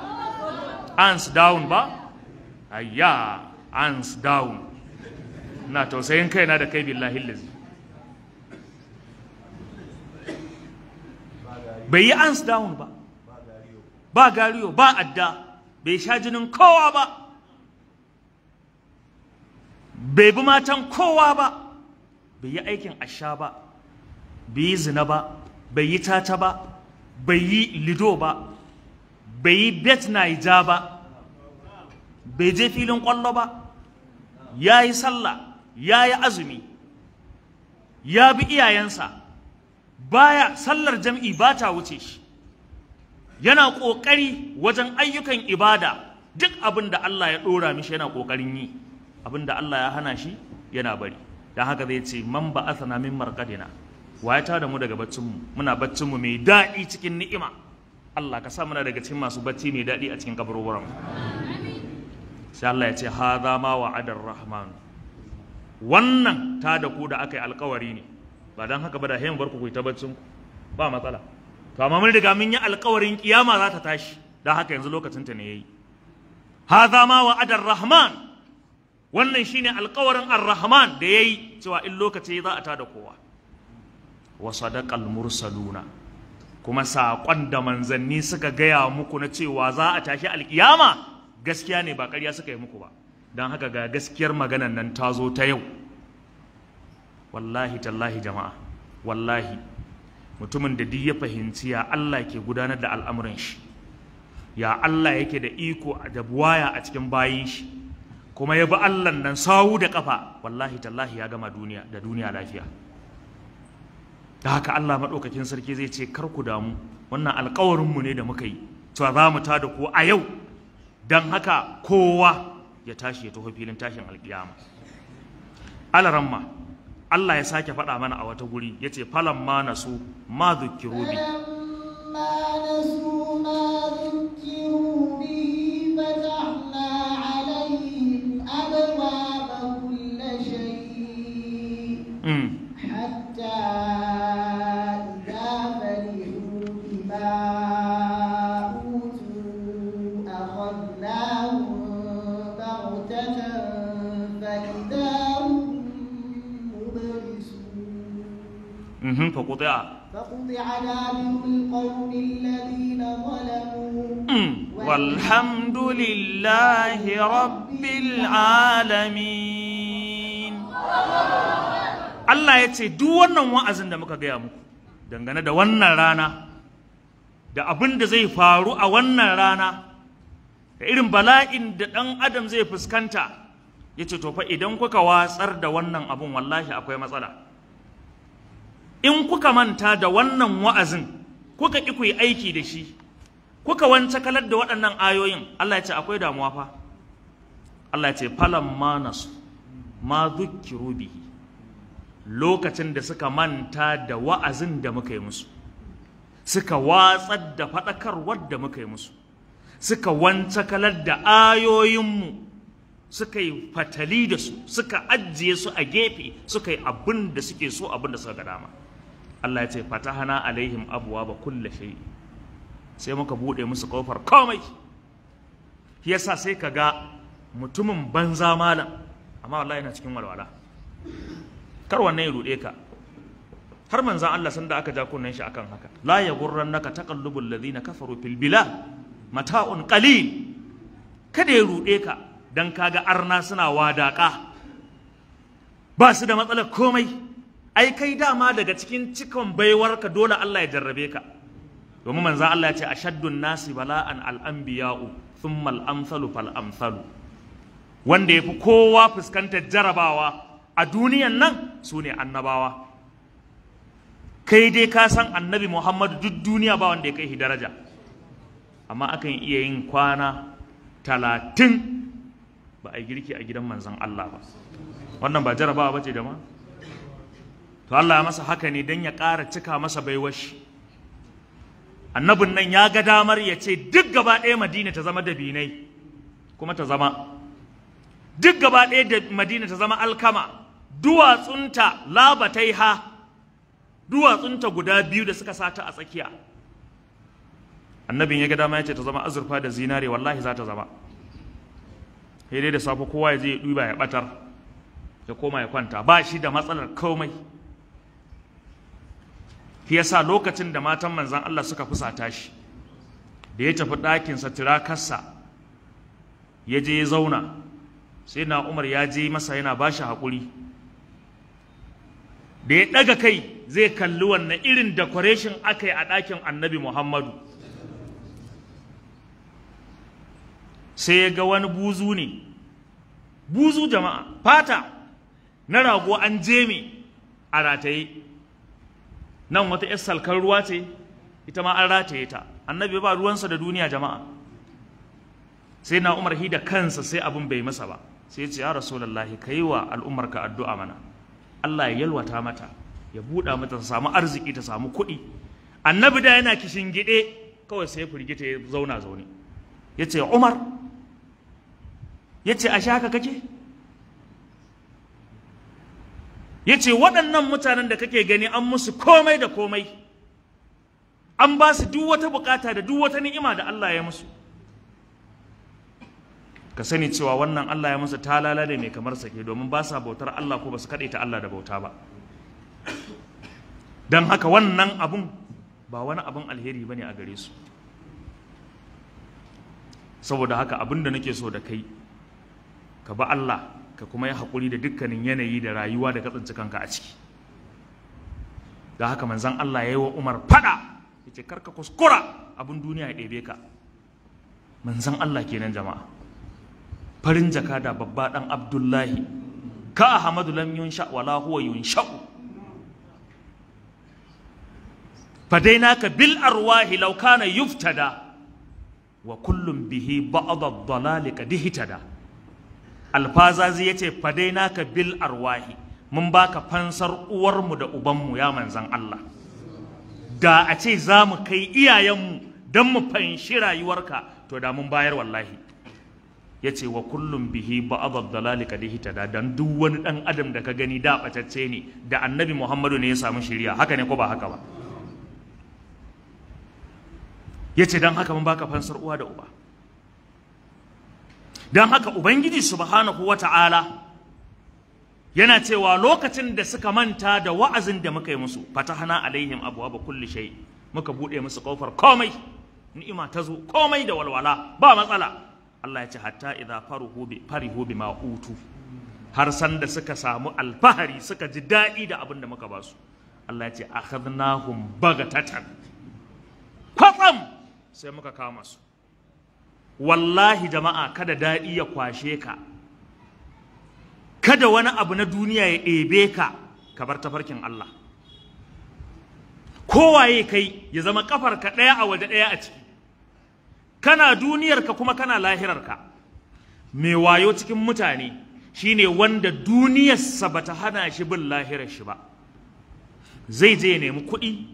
ans down ba ayya ans down na tausayin kaina da kai billahi zila. bai yi ans down ba ba gariyo ba adda bai sha jinin kowa ba bai bi matan kowa ba bai yi aikin asha ba bai yi zina ba bai yi tata ba bai yi lido ba bai yi bet naija ba bai je filin kwallo ba ya yi sallah ya yi azumi ya bi iyayensa baya sallar jam'i ba ta wuce shi yana ƙoƙari wajen ayyukan ibada duk abin da Allah ya ɗora mishi yana ƙoƙarin yi abin da Allah ya hana shi yana bari da haka zai ce man ba asana min markadina wa ya tada mu daga baccinmu mu muna baccin mu mai daɗi cikin ni'ima Allah ka sa muna daga cikin masu bacci mai daɗi a cikin kaburburan sai Allah ya ce za ma adar rahman wannan ta da ku da aka yi alkawari ne ba don haka ba da hayan barku ku ta baccin ba matsala to amma mun riga mun yi alkawarin kiyama za ta tashi don haka yanzu lokacin ta ne yayi hadha ma wa'adar rahman wannan shine alƙawarin ar-rahman da yayi cewa in lokaci za a tada kowa wa sadaqal mursaluna kuma saƙon da manzanni suka gaya muku na cewa za a tashi alkiyama gaskiya ne ba ƙarya suka yi muku ba don haka ga gaskiyar maganan nan ta zo ta yau wallahi tallahi jama'a wallahi mutumin da duk ya fahimci ya Allah ke gudanar da al'amuran shi ya Allah yake da iko da buwaya a cikin bayin shi kuma ya bi Allah nan sawu da kafa wallahi tallahi ya gama duniya da duniya lafiya da haka Allah maɗaukakin sarki zai ce kar ku damu wannan alƙawarinmu ne da muka yi cewa za mu tada ku a yau don haka kowa ya tashi ya taho filin tashin alƙiyama alaramma Allah ya sake faɗa mana a wata guri ya ce falan ma na su ma حتى إذا فرحوا بما أوتوا أخذناهم بغتة فإذا هم مبلسون فقطع فقطع دابر القوم الذين ظلموا والحمد لله رب العالمين Allah ya ce duk wannan wa'azin da muka gaya muku dangane da wannan rana da abin da zai faru a wannan rana da irin bala'in da ɗan adam zai fuskanta ya ce fa idan kuka watsar da wannan abin wallahi akwai matsala in kuka manta da wannan wa'azin kuka ƙi yi aiki da shi kuka wance kalar da waɗannan ayoyin Allah ya ce akwai damuwa fa Allah ya ce falan ma nasu ma zukkiru bihi lokacin da suka manta da wa'azin da muka yi musu suka watsar da faɗakarwar da muka yi musu suka kalar da ayoyinmu suka yi fatali da su suka ajiye su a gefe suka yi abin da suke so abin da suka ga dama Allah ya ce fata hana alaihim abuwa ba kulle shi sai muka buɗe musu kofar komai yasa sai ka ga mutumin banza malam amma wallahi yana cikin walwala kar wannan ya ruɗe ka har manzan Allah sanda aka ja kunnen shi akan haka la ya gurran naka taqallubul ladina kafaru fil bila mata'un qalil kada ya ruɗe ka dan kaga arna suna wadaka ba su da matsalar komai ai kai dama daga cikin cikon baiwarka dole Allah ya jarrabe ka domin manzan Allah ya ce ashaddun nasi bala'an al anbiya'u thumma al amsalu fal amsalu wanda yafi kowa fuskantar jarabawa a duniyan nan su ne annabawa kai dai ka san annabi muhammadu duk duniya ba wanda ya kai shi daraja amma akan iya yin kwana talatin ba a girki a gidan manzan Allah ba wannan ba jarabawa bace da ma to Allah ya masa haka ne don ya ƙara cika masa baiwashi. shi annabin nan ya ga damar ya ce duk gaba ɗaya madina ta zama dabinai kuma ta zama duk gaba ɗaya madina ta zama alkama duwatsunta labatai ha duwatsunta guda biyu da suka sata a tsakiya annabin ya ga dama ya ce ta zama azurfa da zinare wallahi za ta zama sai dai da safe kowa ya je ya duba ya batar ya koma ya kwanta ba shi da matsalar komai shi yasa lokacin da matan manzan Allah suka fusata shi da ya tafi ɗakinsa tirakarsa ya je ya zauna sai na umar ya je masa yana bashi hakuri. da ya ɗaga kai zai kalli wannan irin decoration aka yi a ɗakin annabi muhammadu sai ya ga wani buzu ne buzu jama'a fata na rago an jemi a rataye nan wata 'yar salkar ruwa ce ita ma an rataye ta annabi ba ruwansa da duniya jama'a sai na umar hida kansa sai abin bai masa ba sai ya ce ya rasulallahi ka yi wa al'ummarka addu'a mana Allah ya yalwata mata ya buɗa mata ta samu arziki ta samu kuɗi annabi da yana kishin gide kawai sai firgita ya zauna zaune ya ce umar ya ce a shaka kake ya ce waɗannan mutanen da kake gani an musu komai da komai an ba su duk wata bukata da duk wata ni'ima da Allah ya musu ka sani cewa wannan Allah ya masa talala ne mai kamar sake domin ba sa bautar Allah ko ba su kaɗe ta Allah da bauta ba don haka wannan abun ba wani abun alheri ba ne a gare su saboda haka abin da nake so da kai ka ba Allah ka kuma yi haƙuri da dukkanin yanayi da rayuwa da ka kanka a ciki da haka manzan Allah ya yi wa Umar fada ya ce karka kuskura abun duniya ya ɗebe ka manzan Allah kenan jama'a farin jaka da babba dan abdullahi ka ahmadu lam yunsha wala huwa yunsha naka bil arwahi laukana kana yuftada wa kullum bihi ba'd ad-dalal kad alfazazi yace naka bil arwahi mun baka fansar uwarmu da ubanmu ya manzan Allah da a ce za mu kai iyayenmu don mu fanshi rayuwarka to da mun bayar wallahi ce wa kullum bihi ba'd dalali kad da, dan duk wani ɗan adam da ka gani da batacce ne da annabi Muhammadu ne ya samu shiriya haka ne ko ba haka ba yace dan haka mun baka fansar uwa da uba dan haka ubangiji subhanahu wata'ala yana cewa lokacin da suka manta da wa'azin da muka yi musu fatahana alaihim abwaaba kulli shay muka bude musu kofar komai ni'ima ta zo komai da walwala ba matsala Allah ya ce hatta idza faruhu bi farihu bima utu har sanda suka samu alfahari suka ji daɗi da abin da muka ba su Allah ya ce akhadnahum bagatatan kwatsam sai muka kama su wallahi jama'a kada daɗi ya kwashe ka kada wani abu na duniya ya ɗebe ka ka bar tafarkin Allah kowaye kai ya zama kafar ka ɗaya a waje ɗaya a ciki kana duniyarka kuma kana lahirarka mai wayo cikin mutane shine wanda duniyarsa bata hana shi bin lahirar shi ba zai je ya nemi kuɗi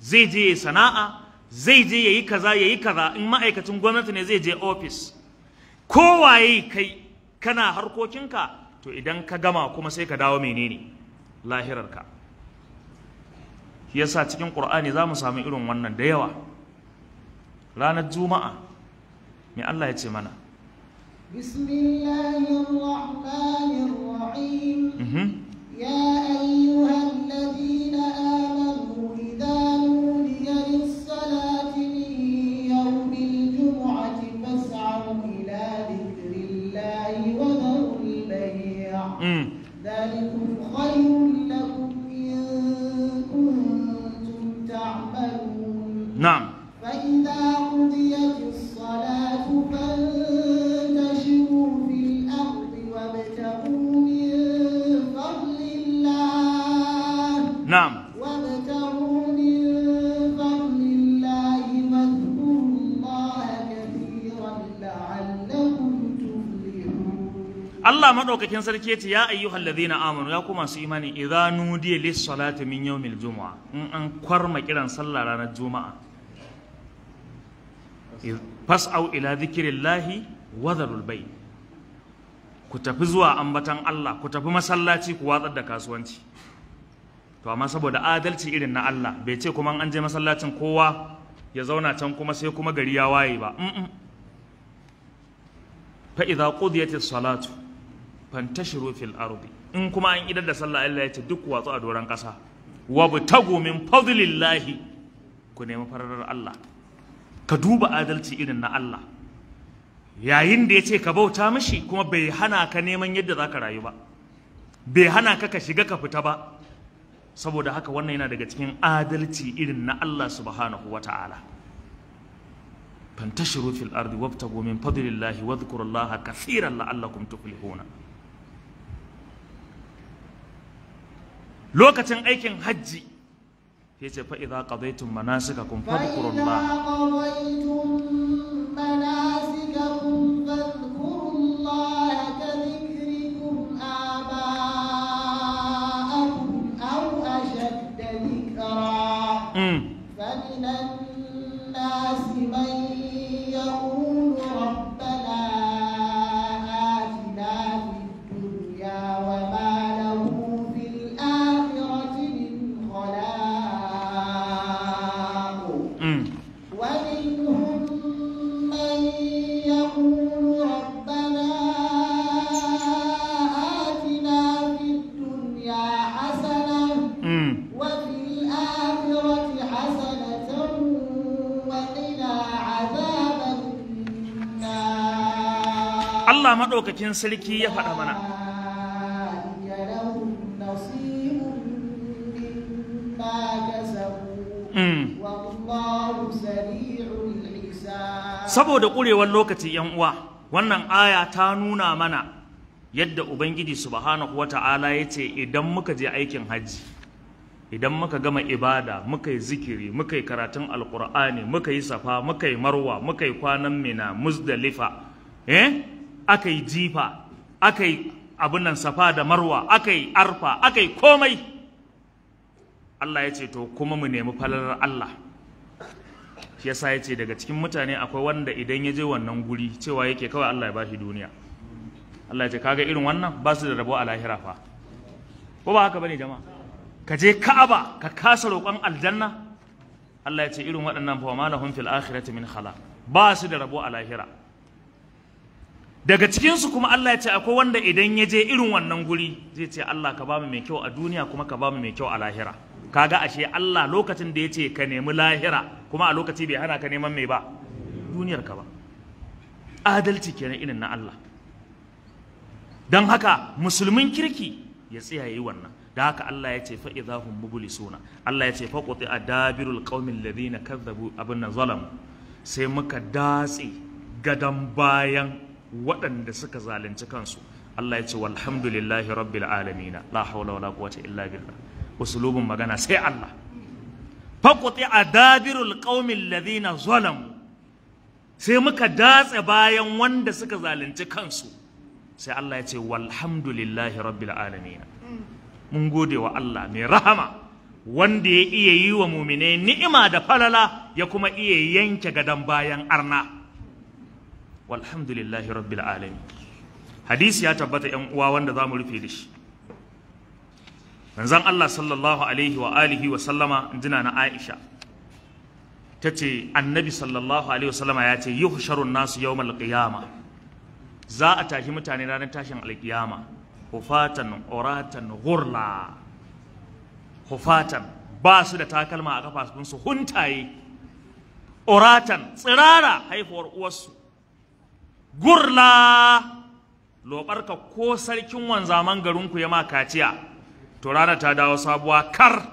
zai je ya sana'a zai je yayi kaza yayi kaza in ma'aikacin gwamnati ne zai je ofis kowaye kai kana harkokinka to idan ka gama kuma sai ka dawo menene lahirarka yasa cikin ƙur'ani za mu samu irin wannan da yawa ranar juma'a me Allah ya ce mana bismillahir rahmanir rahim mhm. ya ayyuhal ladina Allah maɗaukakin sarki ce ya ayyuhal na amanu ya kuma su imani idza nudiya lis salati min yawmil jumu'a in an kwarma kiran sallah ranar juma'a fas'au ila zikirillahi wa dharul bay ku tafi zuwa ambatan Allah ku tafi masallaci ku watsar da kasuwanci to amma saboda adalci irin na Allah bai ce kuma an je masallacin kowa ya zauna can kuma sai kuma gari ya waye ba fa'iza ƙudiyatis salatu fantashiru fil ardi in kuma an idar da sallah Allah ya ce duk watsu a doron ƙasa butagu min fadlillahi ku nemi fararar Allah ka duba adalci irin na Allah yayin da ya ce ka bauta mishi kuma bai hana ka neman yadda za ka rayu ba bai hana ka ka shiga ka fita ba saboda haka wannan yana daga cikin adalci irin na Allah subhanahu wa ta'ala fantashiru fil ardi wabtagu min fadlillahi wadhkurullaha katsiran la'allakum tuflihuna lokacin aikin hajji ya ce fa za qadaytum manasikakum fadhkurullah fa idza ka dhikrikum aba'akum aw ashadd dhikra mm. maɗaukakin sarki ya faɗa mana hmm. saboda ƙurewar lokaci yan uwa wannan aya ta nuna mana yadda ubangiji subhanahu wata'ala ya ce idan muka je aikin hajji idan muka gama ibada muka yi zikiri muka yi karatun alkur'ani muka yi safa muka yi marwa muka yi kwanan mina muzdalifa eh aka yi jifa aka yi abin nan safa da marwa aka yi arfa aka yi komai Allah ya ce to kuma mu nemi falalar Allah shi yasa ya ce daga cikin mutane akwai wanda idan ya je wannan guri cewa yake kawai Allah ya ba shi duniya Allah ya ce kaga irin wannan ba su da rabo a lahira fa ko ba haka bane jama'a ka je Ka'aba ka kasa roƙon aljanna Allah ya ce irin waɗannan fa ma lahum fil akhirati min khala ba su da rabo a lahira daga cikinsu kuma Allah ya ce akwai wanda idan ya je irin wannan guri zai ce Allah ka bamu mai kyau a duniya kuma ka mu mai kyau a lahira kaga ashe Allah lokacin da ya ce ka nemi lahira kuma a lokaci bai hana ka neman mai ba duniyar ka ba adalci kenan irin na Allah don haka musulmin kirki ya tsiyaye wannan da haka Allah ya ce fa idahum mublisuna Allah ya ce fa quti adabirul qaumil ladina kadzabu abin zalam sai muka datse gadan bayan waɗanda suka zalunci kansu Allah ya ce walhamdulillahi rabbil alamina la hawla wala quwwata illa billah usulubun magana sai Allah faqti adabirul qaumil ladina zalam sai muka datse bayan wanda suka zalunci kansu sai Allah ya ce walhamdulillahi rabbil alamina mun gode wa Allah mai rahama wanda ya iya yi wa mumine ni'ima da falala ya kuma iya yanke gadon bayan arna walhamdulillahi rabbil alamin hadisi ya tabbata yan uwa wanda zamu rufe da shi manzon Allah sallallahu alaihi wa alihi wa sallama injina na Aisha tace annabi sallallahu alaihi wa sallama ya ce yuhsharu nasu yawmal qiyama za a tashi mutane ranar tashin alkiyama hufatan uratan ghurla hufatan ba su da takalma a kafafunsu huntaye uratan tsirara haifuwar uwarsu gurla lobarka ko sarkin wanzaman garinku ya ma kaciya to rana ta dawo sabuwa kar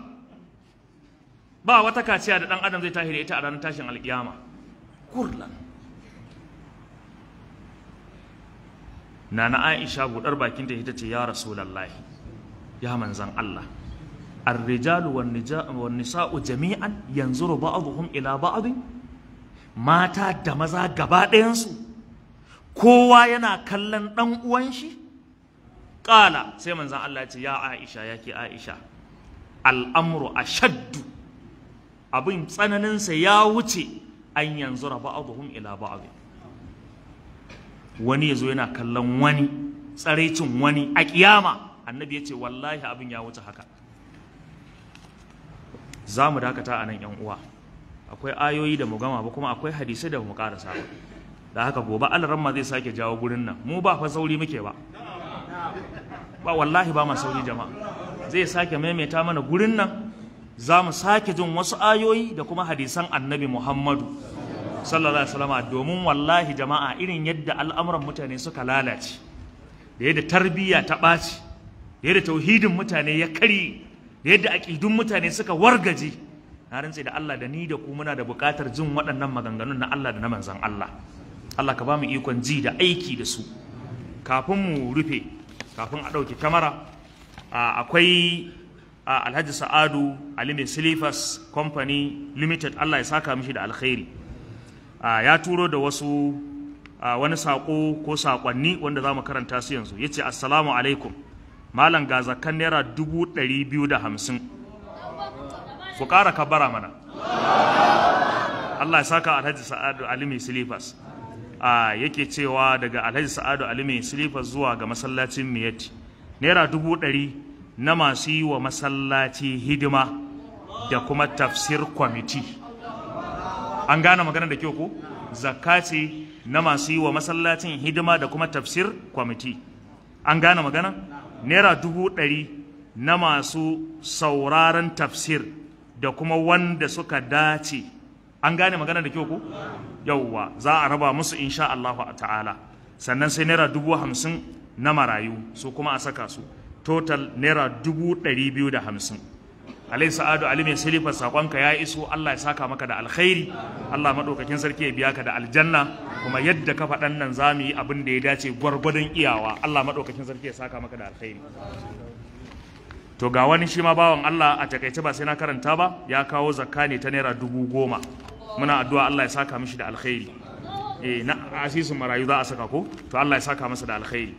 ba wata kaciya da dan adam zai tahire ita a ranar tashin alkiyama Gurla. nana aisha budar bakin ta ita ce ya rasulullahi ya manzan Allah الرجال والنساء جميعا ينظر بعضهم ila بعض mata da maza gaba ɗayansu kowa yana kallon ɗan uwan shi ƙala sai manzan Allah ce ya Aisha ya ke Aisha al'amuru a shaddu abin tsananinsa ya wuce an yanzu raba abuhun ila ba'adu wani ya zo yana kallon wani tsaraicin wani a ƙiyama annabi ya ce wallahi abin ya wuce haka za mu dakata a nan uwa akwai ayoyi da mu gama ba kuma akwai hadisai da mu ƙarasa ba da haka gobe alaramma zai sake jawo gurin nan mu ba fa sauri muke ba ba wallahi ba ma sauri jama'a zai sake maimaita mana gurin nan za mu sake jin wasu ayoyi da kuma hadisan annabi muhammadu sallallahu alaihi wasallam domin wallahi jama'a irin yadda al'amuran mutane suka lalace da yadda tarbiyya ta ɓaci da yadda tauhidin mutane ya karye da yadda aƙidun mutane suka wargaje na rantse da Allah da ni da ku muna da buƙatar jin waɗannan maganganun na Allah da na manzon Allah Allah ka ba mu ikon ji da aiki da su kafin mu rufe kafin a ɗauki kamara, akwai alhaji sa'adu alimin silifas company limited Allah ya saka mishi da alkhairi ya turo da wasu wani saƙo ko saƙonni wanda za mu karanta su yanzu ya ce assalamu alaikum malam ga zakan naira dubu ɗari biyu da hamsin ku ƙara kabara mana Allah ya saka alhaji sa'adu alimi silifas a yake cewa daga alhaji sa'adu ali mai silifa zuwa ga masallacin miyati naira dubu ɗari na masu yi wa masallaci hidima da kuma tafsir kwamiti an gane magana da kyau ko na masu yi wa masallacin hidima da kuma tafsir kwamiti an gane magana naira dubu ɗari na masu sauraron tafsir da kuma wanda suka dace an gane magana da kyau ko yauwa za a raba musu insha Allah ta'ala sannan sai naira dubu hamsin na marayu su kuma a saka su total naira dubu ɗari biyu da hamsin alai sa'adu ali mai silifar saƙonka ya iso Allah ya saka maka da alkhairi Allah maɗaukakin sarki ya biya ka da aljanna kuma yadda ka faɗan nan za mu yi abin da ya dace gwargwadon iyawa Allah maɗaukakin sarki ya saka maka da alkhairi to ga wani shi ma bawan Allah a takaice ba sai na karanta ba ya kawo zakka ne ta naira dubu goma muna addu'a Allah ya saka mishi da alkhairi eh na asisin marayu za a saka ko to Allah ya saka masa da alkhairi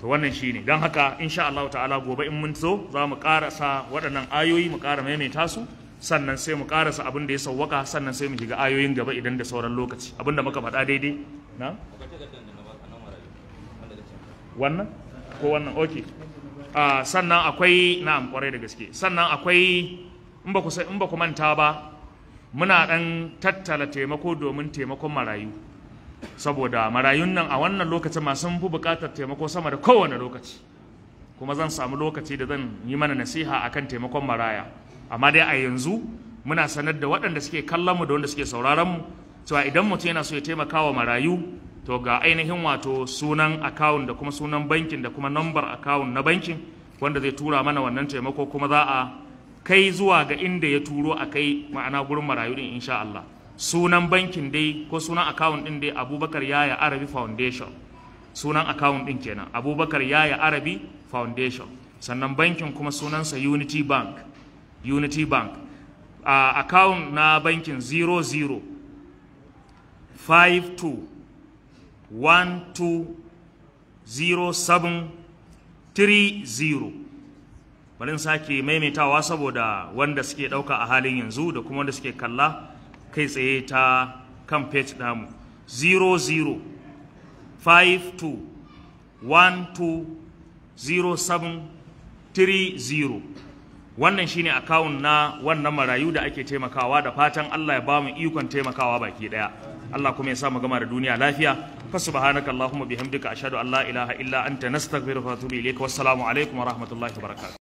to wannan shine dan haka insha Allah ta'ala gobe in mun so za mu karasa waɗannan ayoyi mu ƙara maimaita su sannan sai mu karasa abin da ya sauwaka sannan sai mu shiga ayoyin gaba idan da sauran lokaci abin da muka faɗa daidai na wannan ko wannan okay ah, sannan akwai na'am kwarai da gaske sannan akwai in ba ku manta ba muna ɗan tattala taimako domin taimakon marayu saboda marayun nan a wannan lokacin masu fi buƙatar taimako sama da kowane lokaci kuma zan samu lokaci da zan yi mana nasiha akan taimakon maraya amma dai a yanzu muna sanar da waɗanda suke kallon mu da wanda suke sauraron mu cewa idan mutum yana so ya taimaka wa marayu to ga ainihin wato sunan akawun da kuma sunan bankin da kuma nambar akawun na bankin wanda zai tura mana wannan taimako kuma za a kai zuwa ga inda ya turo a kai ma'ana gurin marayu din insha Allah sunan bankin dai ko sunan account din dai Abubakar Yaya Arabi Foundation sunan account din kenan Abubakar Yaya Arabi Foundation sannan bankin kuma sunansa Unity Bank Unity Bank a account na bankin 00 52 seven, three zero. barin sake maimaitawa saboda wanda suke dauka a halin yanzu da kuma wanda suke kalla kai tsaye ta kan page namu 00 07 wannan shine account na wannan marayu da ake taimakawa da fatan Allah ya ba mu ikon taimakawa baki daya Allah kuma ya sa mu gama da duniya lafiya fa subhanaka allahumma bihamdika ashhadu an la ilaha illa anta nastaghfiruka wa atubu ilaik wassalamu alaikum wa rahmatullahi wa barakatuh